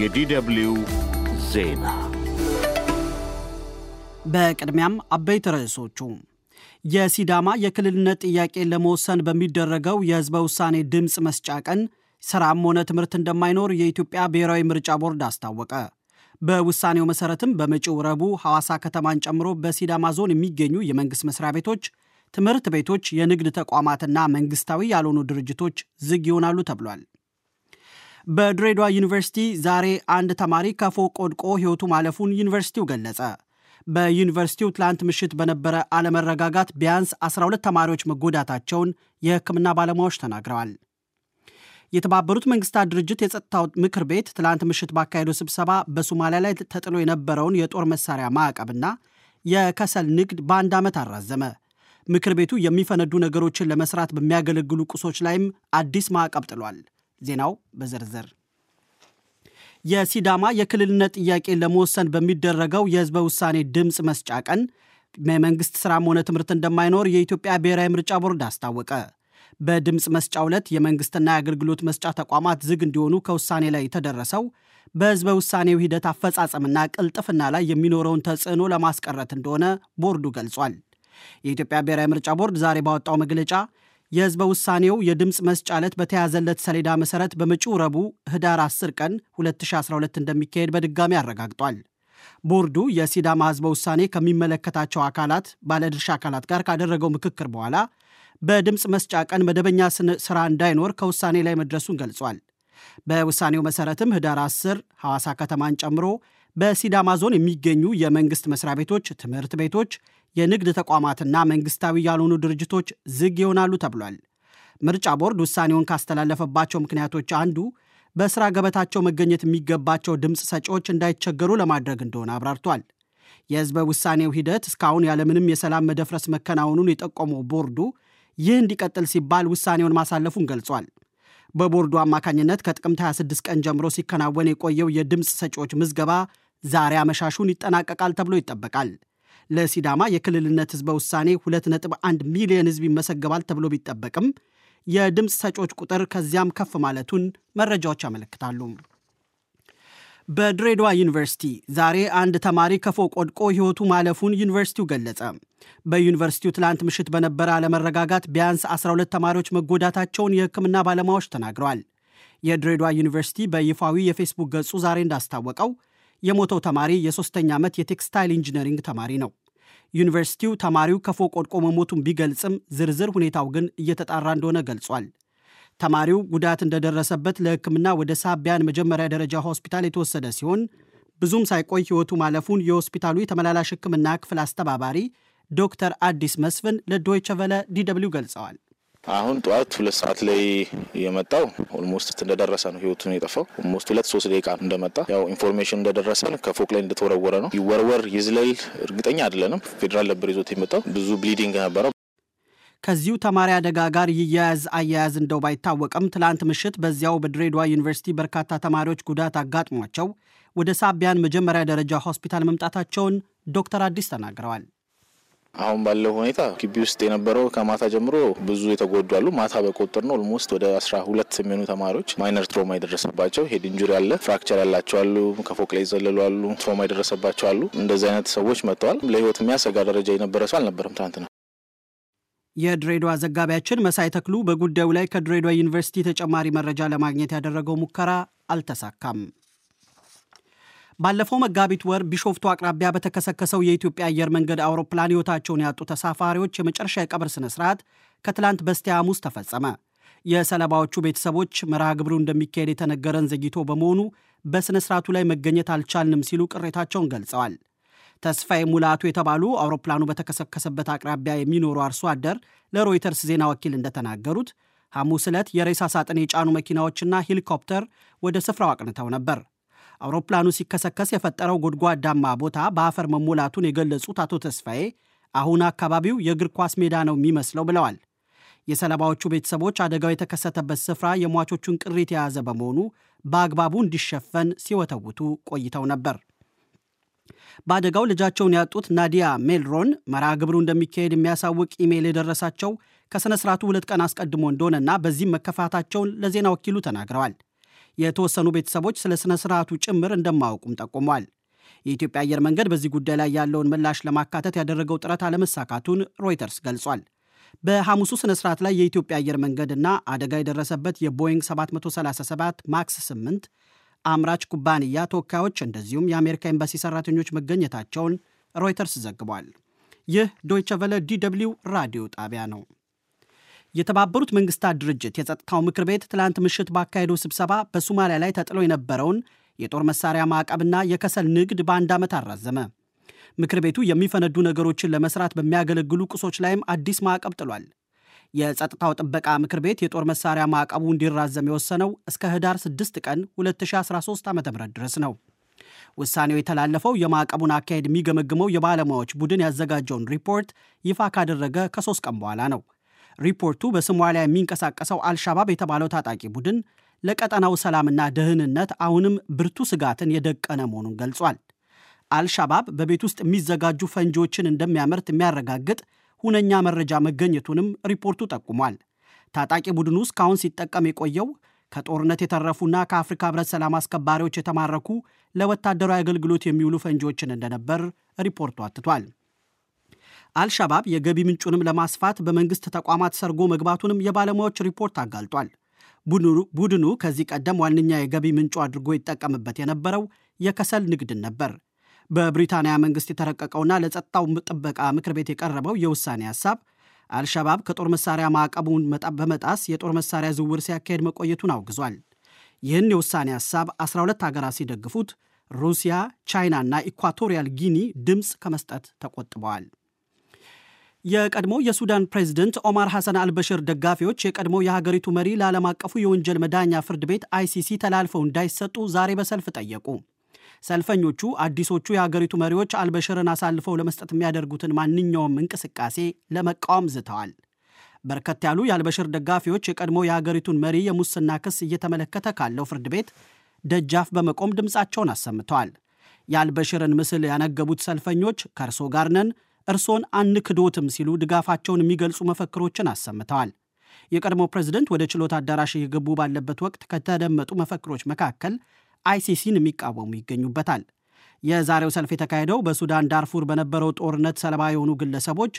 የዲደብሊው ዜና በቅድሚያም አበይት ርዕሶቹ የሲዳማ የክልልነት ጥያቄ ለመወሰን በሚደረገው የሕዝበ ውሳኔ ድምፅ መስጫ ቀን ሥራም ሆነ ትምህርት እንደማይኖር የኢትዮጵያ ብሔራዊ ምርጫ ቦርድ አስታወቀ። በውሳኔው መሠረትም በመጪው ረቡዕ ሐዋሳ ከተማን ጨምሮ በሲዳማ ዞን የሚገኙ የመንግሥት መሥሪያ ቤቶች፣ ትምህርት ቤቶች፣ የንግድ ተቋማትና መንግሥታዊ ያልሆኑ ድርጅቶች ዝግ ይሆናሉ ተብሏል። በድሬዳዋ ዩኒቨርሲቲ ዛሬ አንድ ተማሪ ከፎቅ ወድቆ ሕይወቱ ማለፉን ዩኒቨርሲቲው ገለጸ። በዩኒቨርሲቲው ትላንት ምሽት በነበረ አለመረጋጋት ቢያንስ 12 ተማሪዎች መጎዳታቸውን የሕክምና ባለሙያዎች ተናግረዋል። የተባበሩት መንግስታት ድርጅት የጸጥታው ምክር ቤት ትላንት ምሽት ባካሄደው ስብሰባ በሶማሊያ ላይ ተጥሎ የነበረውን የጦር መሳሪያ ማዕቀብና የከሰል ንግድ በአንድ ዓመት አራዘመ። ምክር ቤቱ የሚፈነዱ ነገሮችን ለመስራት በሚያገለግሉ ቁሶች ላይም አዲስ ማዕቀብ ጥሏል። ዜናው በዝርዝር የሲዳማ የክልልነት ጥያቄ ለመወሰን በሚደረገው የህዝበ ውሳኔ ድምፅ መስጫ ቀን የመንግሥት ሥራም ሆነ ትምህርት እንደማይኖር የኢትዮጵያ ብሔራዊ ምርጫ ቦርድ አስታወቀ። በድምፅ መስጫ ዕለት የመንግሥትና የአገልግሎት መስጫ ተቋማት ዝግ እንዲሆኑ ከውሳኔ ላይ የተደረሰው በህዝበ ውሳኔው ሂደት አፈጻጸምና ቅልጥፍና ላይ የሚኖረውን ተጽዕኖ ለማስቀረት እንደሆነ ቦርዱ ገልጿል። የኢትዮጵያ ብሔራዊ ምርጫ ቦርድ ዛሬ ባወጣው መግለጫ የህዝበ ውሳኔው የድምፅ መስጫ ዕለት በተያዘለት ሰሌዳ መሠረት በመጪው ረቡዕ ህዳር 10 ቀን 2012 እንደሚካሄድ በድጋሚ አረጋግጧል። ቦርዱ የሲዳማ ህዝበ ውሳኔ ከሚመለከታቸው አካላት፣ ባለድርሻ አካላት ጋር ካደረገው ምክክር በኋላ በድምፅ መስጫ ቀን መደበኛ ስራ እንዳይኖር ከውሳኔ ላይ መድረሱን ገልጿል። በውሳኔው መሠረትም ህዳር 10 ሐዋሳ ከተማን ጨምሮ በሲዳማ ዞን የሚገኙ የመንግስት መስሪያ ቤቶች፣ ትምህርት ቤቶች፣ የንግድ ተቋማትና መንግስታዊ ያልሆኑ ድርጅቶች ዝግ ይሆናሉ ተብሏል። ምርጫ ቦርድ ውሳኔውን ካስተላለፈባቸው ምክንያቶች አንዱ በስራ ገበታቸው መገኘት የሚገባቸው ድምፅ ሰጪዎች እንዳይቸገሩ ለማድረግ እንደሆነ አብራርቷል። የህዝበ ውሳኔው ሂደት እስካሁን ያለምንም የሰላም መደፍረስ መከናወኑን የጠቆመው ቦርዱ ይህ እንዲቀጥል ሲባል ውሳኔውን ማሳለፉን ገልጿል። በቦርዱ አማካኝነት ከጥቅምት 26 ቀን ጀምሮ ሲከናወን የቆየው የድምፅ ሰጪዎች ምዝገባ ዛሬ አመሻሹን ይጠናቀቃል ተብሎ ይጠበቃል። ለሲዳማ የክልልነት ህዝበ ውሳኔ 2.1 ሚሊዮን ህዝብ ይመሰገባል ተብሎ ቢጠበቅም የድምፅ ሰጮች ቁጥር ከዚያም ከፍ ማለቱን መረጃዎች ያመለክታሉ። በድሬዳዋ ዩኒቨርሲቲ ዛሬ አንድ ተማሪ ከፎቅ ወድቆ ሕይወቱ ማለፉን ዩኒቨርሲቲው ገለጸ። በዩኒቨርሲቲው ትላንት ምሽት በነበረ አለመረጋጋት ቢያንስ 12 ተማሪዎች መጎዳታቸውን የሕክምና ባለሙያዎች ተናግረዋል። የድሬዳዋ ዩኒቨርሲቲ በይፋዊ የፌስቡክ ገጹ ዛሬ እንዳስታወቀው የሞተው ተማሪ የሶስተኛ ዓመት የቴክስታይል ኢንጂነሪንግ ተማሪ ነው። ዩኒቨርሲቲው ተማሪው ከፎቅ ወድቆ መሞቱን ቢገልጽም ዝርዝር ሁኔታው ግን እየተጣራ እንደሆነ ገልጿል። ተማሪው ጉዳት እንደደረሰበት ለሕክምና ወደ ሳቢያን መጀመሪያ ደረጃ ሆስፒታል የተወሰደ ሲሆን ብዙም ሳይቆይ ሕይወቱ ማለፉን የሆስፒታሉ የተመላላሽ ሕክምና ክፍል አስተባባሪ ዶክተር አዲስ መስፍን ለዶይቸ ቨለ ዲ ገልጸዋል። አሁን ጠዋት ሁለት ሰዓት ላይ የመጣው ኦልሞስት እንደደረሰ ነው ህይወቱን የጠፋው። ኦልሞስት ሁለት ሶስት ደቂቃ እንደመጣ ያው ኢንፎርሜሽን እንደደረሰን ከፎቅ ላይ እንደተወረወረ ነው። ይወርወር ይዝለል እርግጠኛ አይደለንም። ፌዴራል ነበር ይዞት የመጣው። ብዙ ብሊዲንግ ነበረው። ከዚሁ ተማሪ አደጋ ጋር ይያያዝ አያያዝ እንደው ባይታወቅም ትላንት ምሽት በዚያው በድሬዳዋ ዩኒቨርሲቲ በርካታ ተማሪዎች ጉዳት አጋጥሟቸው ወደ ሳቢያን መጀመሪያ ደረጃ ሆስፒታል መምጣታቸውን ዶክተር አዲስ ተናግረዋል። አሁን ባለው ሁኔታ ግቢ ውስጥ የነበረው ከማታ ጀምሮ ብዙ የተጎዱ አሉ። ማታ በቆጠር ነው ኦልሞስት ወደ አስራ ሁለት የሚሆኑ ተማሪዎች ማይነር ትሮማ የደረሰባቸው ሄድ ኢንጁሪ አለ፣ ፍራክቸር ያላቸው አሉ፣ ከፎቅ ላይ የዘለሉ አሉ፣ ትሮማ የደረሰባቸው አሉ። እንደዚህ አይነት ሰዎች መጥተዋል። ለህይወት የሚያሰጋ ደረጃ የነበረ ሰው አልነበረም ትናንት ነው። የድሬዳዋ ዘጋቢያችን መሳይ ተክሉ በጉዳዩ ላይ ከድሬዳዋ ዩኒቨርሲቲ ተጨማሪ መረጃ ለማግኘት ያደረገው ሙከራ አልተሳካም። ባለፈው መጋቢት ወር ቢሾፍቱ አቅራቢያ በተከሰከሰው የኢትዮጵያ አየር መንገድ አውሮፕላን ሕይወታቸውን ያጡ ተሳፋሪዎች የመጨረሻ የቀብር ስነ-ስርዓት ከትላንት በስቲያ ሐሙስ ተፈጸመ። የሰለባዎቹ ቤተሰቦች መርሃ ግብሩ እንደሚካሄድ የተነገረን ዘግይቶ በመሆኑ በሥነ ሥርዓቱ ላይ መገኘት አልቻልንም ሲሉ ቅሬታቸውን ገልጸዋል። ተስፋዬ ሙላቱ የተባሉ አውሮፕላኑ በተከሰከሰበት አቅራቢያ የሚኖሩ አርሶ አደር ለሮይተርስ ዜና ወኪል እንደተናገሩት ሐሙስ ዕለት የሬሳ ሳጥን የጫኑ መኪናዎችና ሄሊኮፕተር ወደ ስፍራው አቅንተው ነበር። አውሮፕላኑ ሲከሰከስ የፈጠረው ጎድጓዳማ ቦታ በአፈር መሞላቱን የገለጹት አቶ ተስፋዬ አሁን አካባቢው የእግር ኳስ ሜዳ ነው የሚመስለው ብለዋል። የሰለባዎቹ ቤተሰቦች አደጋው የተከሰተበት ስፍራ የሟቾቹን ቅሪት የያዘ በመሆኑ በአግባቡ እንዲሸፈን ሲወተውቱ ቆይተው ነበር። በአደጋው ልጃቸውን ያጡት ናዲያ ሜልሮን መርሃ ግብሩ እንደሚካሄድ የሚያሳውቅ ኢሜይል የደረሳቸው ከሥነ ሥርዓቱ ሁለት ቀን አስቀድሞ እንደሆነና በዚህም መከፋታቸውን ለዜና ወኪሉ ተናግረዋል። የተወሰኑ ቤተሰቦች ስለ ስነ ስርዓቱ ጭምር እንደማያውቁም ጠቁሟል። የኢትዮጵያ አየር መንገድ በዚህ ጉዳይ ላይ ያለውን ምላሽ ለማካተት ያደረገው ጥረት አለመሳካቱን ሮይተርስ ገልጿል። በሐሙሱ ስነ ስርዓት ላይ የኢትዮጵያ አየር መንገድ እና አደጋ የደረሰበት የቦይንግ 737 ማክስ 8 አምራች ኩባንያ ተወካዮች እንደዚሁም የአሜሪካ ኤምባሲ ሰራተኞች መገኘታቸውን ሮይተርስ ዘግቧል። ይህ ዶይቸ ቨለ ዲ ደብልዩ ራዲዮ ጣቢያ ነው። የተባበሩት መንግስታት ድርጅት የጸጥታው ምክር ቤት ትላንት ምሽት ባካሄደው ስብሰባ በሶማሊያ ላይ ተጥሎ የነበረውን የጦር መሳሪያ ማዕቀብና የከሰል ንግድ በአንድ ዓመት አራዘመ። ምክር ቤቱ የሚፈነዱ ነገሮችን ለመስራት በሚያገለግሉ ቁሶች ላይም አዲስ ማዕቀብ ጥሏል። የጸጥታው ጥበቃ ምክር ቤት የጦር መሳሪያ ማዕቀቡ እንዲራዘም የወሰነው እስከ ህዳር 6 ቀን 2013 ዓ ም ድረስ ነው። ውሳኔው የተላለፈው የማዕቀቡን አካሄድ የሚገመግመው የባለሙያዎች ቡድን ያዘጋጀውን ሪፖርት ይፋ ካደረገ ከሶስት ቀን በኋላ ነው። ሪፖርቱ በሶማሊያ የሚንቀሳቀሰው አልሻባብ የተባለው ታጣቂ ቡድን ለቀጠናው ሰላምና ደህንነት አሁንም ብርቱ ስጋትን የደቀነ መሆኑን ገልጿል። አልሻባብ በቤት ውስጥ የሚዘጋጁ ፈንጂዎችን እንደሚያመርት የሚያረጋግጥ ሁነኛ መረጃ መገኘቱንም ሪፖርቱ ጠቁሟል። ታጣቂ ቡድኑ እስካሁን ሲጠቀም የቆየው ከጦርነት የተረፉና ከአፍሪካ ህብረት ሰላም አስከባሪዎች የተማረኩ ለወታደራዊ አገልግሎት የሚውሉ ፈንጂዎችን እንደነበር ሪፖርቱ አትቷል። አልሻባብ የገቢ ምንጩንም ለማስፋት በመንግስት ተቋማት ሰርጎ መግባቱንም የባለሙያዎች ሪፖርት አጋልጧል። ቡድኑ ከዚህ ቀደም ዋነኛ የገቢ ምንጩ አድርጎ ይጠቀምበት የነበረው የከሰል ንግድን ነበር። በብሪታንያ መንግስት የተረቀቀውና ለጸጥታው ጥበቃ ምክር ቤት የቀረበው የውሳኔ ሐሳብ አልሸባብ ከጦር መሳሪያ ማዕቀቡን በመጣስ የጦር መሳሪያ ዝውውር ሲያካሄድ መቆየቱን አውግዟል። ይህን የውሳኔ ሐሳብ 12 ሀገራት ሲደግፉት ሩሲያ፣ ቻይናና ኢኳቶሪያል ጊኒ ድምፅ ከመስጠት ተቆጥበዋል። የቀድሞ የሱዳን ፕሬዝደንት ኦማር ሐሰን አልበሽር ደጋፊዎች የቀድሞ የሀገሪቱ መሪ ለዓለም አቀፉ የወንጀል መዳኛ ፍርድ ቤት አይሲሲ ተላልፈው እንዳይሰጡ ዛሬ በሰልፍ ጠየቁ። ሰልፈኞቹ አዲሶቹ የሀገሪቱ መሪዎች አልበሽርን አሳልፈው ለመስጠት የሚያደርጉትን ማንኛውም እንቅስቃሴ ለመቃወም ዝተዋል። በርከት ያሉ የአልበሽር ደጋፊዎች የቀድሞ የሀገሪቱን መሪ የሙስና ክስ እየተመለከተ ካለው ፍርድ ቤት ደጃፍ በመቆም ድምፃቸውን አሰምተዋል። የአልበሽርን ምስል ያነገቡት ሰልፈኞች ከእርሶ ጋር ነን እርሶን አንክዶትም ሲሉ ድጋፋቸውን የሚገልጹ መፈክሮችን አሰምተዋል። የቀድሞ ፕሬዝደንት ወደ ችሎት አዳራሽ እየገቡ ባለበት ወቅት ከተደመጡ መፈክሮች መካከል አይሲሲን የሚቃወሙ ይገኙበታል። የዛሬው ሰልፍ የተካሄደው በሱዳን ዳርፉር በነበረው ጦርነት ሰለባ የሆኑ ግለሰቦች፣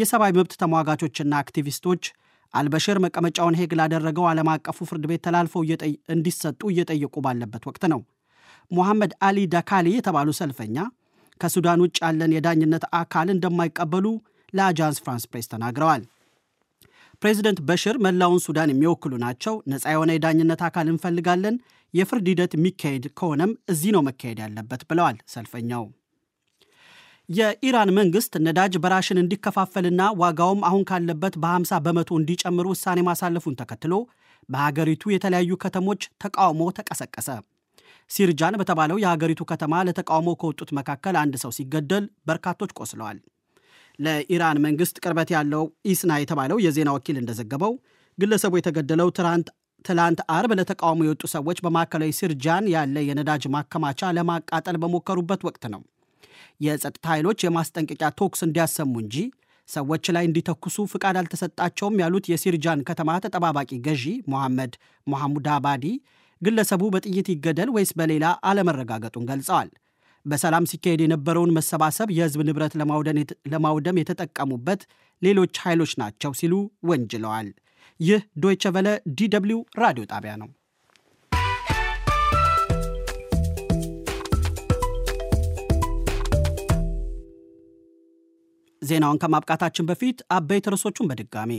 የሰብአዊ መብት ተሟጋቾችና አክቲቪስቶች አልበሽር መቀመጫውን ሄግ ላደረገው ዓለም አቀፉ ፍርድ ቤት ተላልፈው እንዲሰጡ እየጠየቁ ባለበት ወቅት ነው። ሞሐመድ አሊ ዳካሊ የተባሉ ሰልፈኛ ከሱዳን ውጭ ያለን የዳኝነት አካል እንደማይቀበሉ ለአጃንስ ፍራንስ ፕሬስ ተናግረዋል። ፕሬዚደንት በሽር መላውን ሱዳን የሚወክሉ ናቸው። ነፃ የሆነ የዳኝነት አካል እንፈልጋለን። የፍርድ ሂደት የሚካሄድ ከሆነም እዚህ ነው መካሄድ ያለበት ብለዋል ሰልፈኛው። የኢራን መንግስት ነዳጅ በራሽን እንዲከፋፈልና ዋጋውም አሁን ካለበት በ50 በመቶ እንዲጨምር ውሳኔ ማሳለፉን ተከትሎ በሀገሪቱ የተለያዩ ከተሞች ተቃውሞ ተቀሰቀሰ። ሲርጃን በተባለው የሀገሪቱ ከተማ ለተቃውሞ ከወጡት መካከል አንድ ሰው ሲገደል በርካቶች ቆስለዋል። ለኢራን መንግስት ቅርበት ያለው ኢስና የተባለው የዜና ወኪል እንደዘገበው ግለሰቡ የተገደለው ትላንት አርብ ለተቃውሞ የወጡ ሰዎች በማዕከላዊ ሲርጃን ያለ የነዳጅ ማከማቻ ለማቃጠል በሞከሩበት ወቅት ነው። የጸጥታ ኃይሎች የማስጠንቀቂያ ቶክስ እንዲያሰሙ እንጂ ሰዎች ላይ እንዲተኩሱ ፍቃድ አልተሰጣቸውም ያሉት የሲርጃን ከተማ ተጠባባቂ ገዢ መሐመድ ሞሐሙድ አባዲ ግለሰቡ በጥይት ይገደል ወይስ በሌላ አለመረጋገጡን ገልጸዋል። በሰላም ሲካሄድ የነበረውን መሰባሰብ የህዝብ ንብረት ለማውደም የተጠቀሙበት ሌሎች ኃይሎች ናቸው ሲሉ ወንጅለዋል። ይህ ዶይቸ ቨለ ዲ ደብልዩ ራዲዮ ጣቢያ ነው። ዜናውን ከማብቃታችን በፊት አበይት ርዕሶቹን በድጋሚ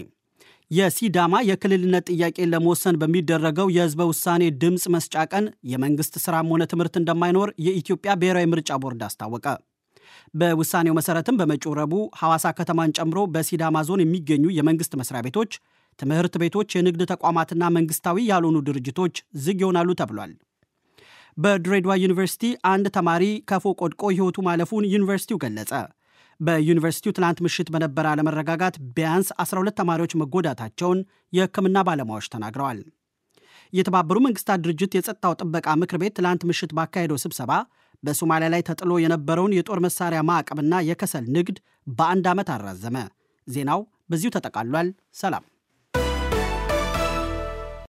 የሲዳማ የክልልነት ጥያቄን ለመወሰን በሚደረገው የህዝበ ውሳኔ ድምፅ መስጫ ቀን የመንግስት ስራም ሆነ ትምህርት እንደማይኖር የኢትዮጵያ ብሔራዊ ምርጫ ቦርድ አስታወቀ። በውሳኔው መሰረትም በመጪው ረቡዕ ሐዋሳ ከተማን ጨምሮ በሲዳማ ዞን የሚገኙ የመንግስት መስሪያ ቤቶች፣ ትምህርት ቤቶች፣ የንግድ ተቋማትና መንግስታዊ ያልሆኑ ድርጅቶች ዝግ ይሆናሉ ተብሏል። በድሬዳዋ ዩኒቨርሲቲ አንድ ተማሪ ከፎቅ ወድቆ ህይወቱ ማለፉን ዩኒቨርሲቲው ገለጸ። በዩኒቨርሲቲው ትናንት ምሽት በነበረ አለመረጋጋት ቢያንስ 12 ተማሪዎች መጎዳታቸውን የሕክምና ባለሙያዎች ተናግረዋል። የተባበሩ መንግስታት ድርጅት የጸጥታው ጥበቃ ምክር ቤት ትላንት ምሽት ባካሄደው ስብሰባ በሶማሊያ ላይ ተጥሎ የነበረውን የጦር መሳሪያ ማዕቀብና የከሰል ንግድ በአንድ ዓመት አራዘመ። ዜናው በዚሁ ተጠቃሏል። ሰላም።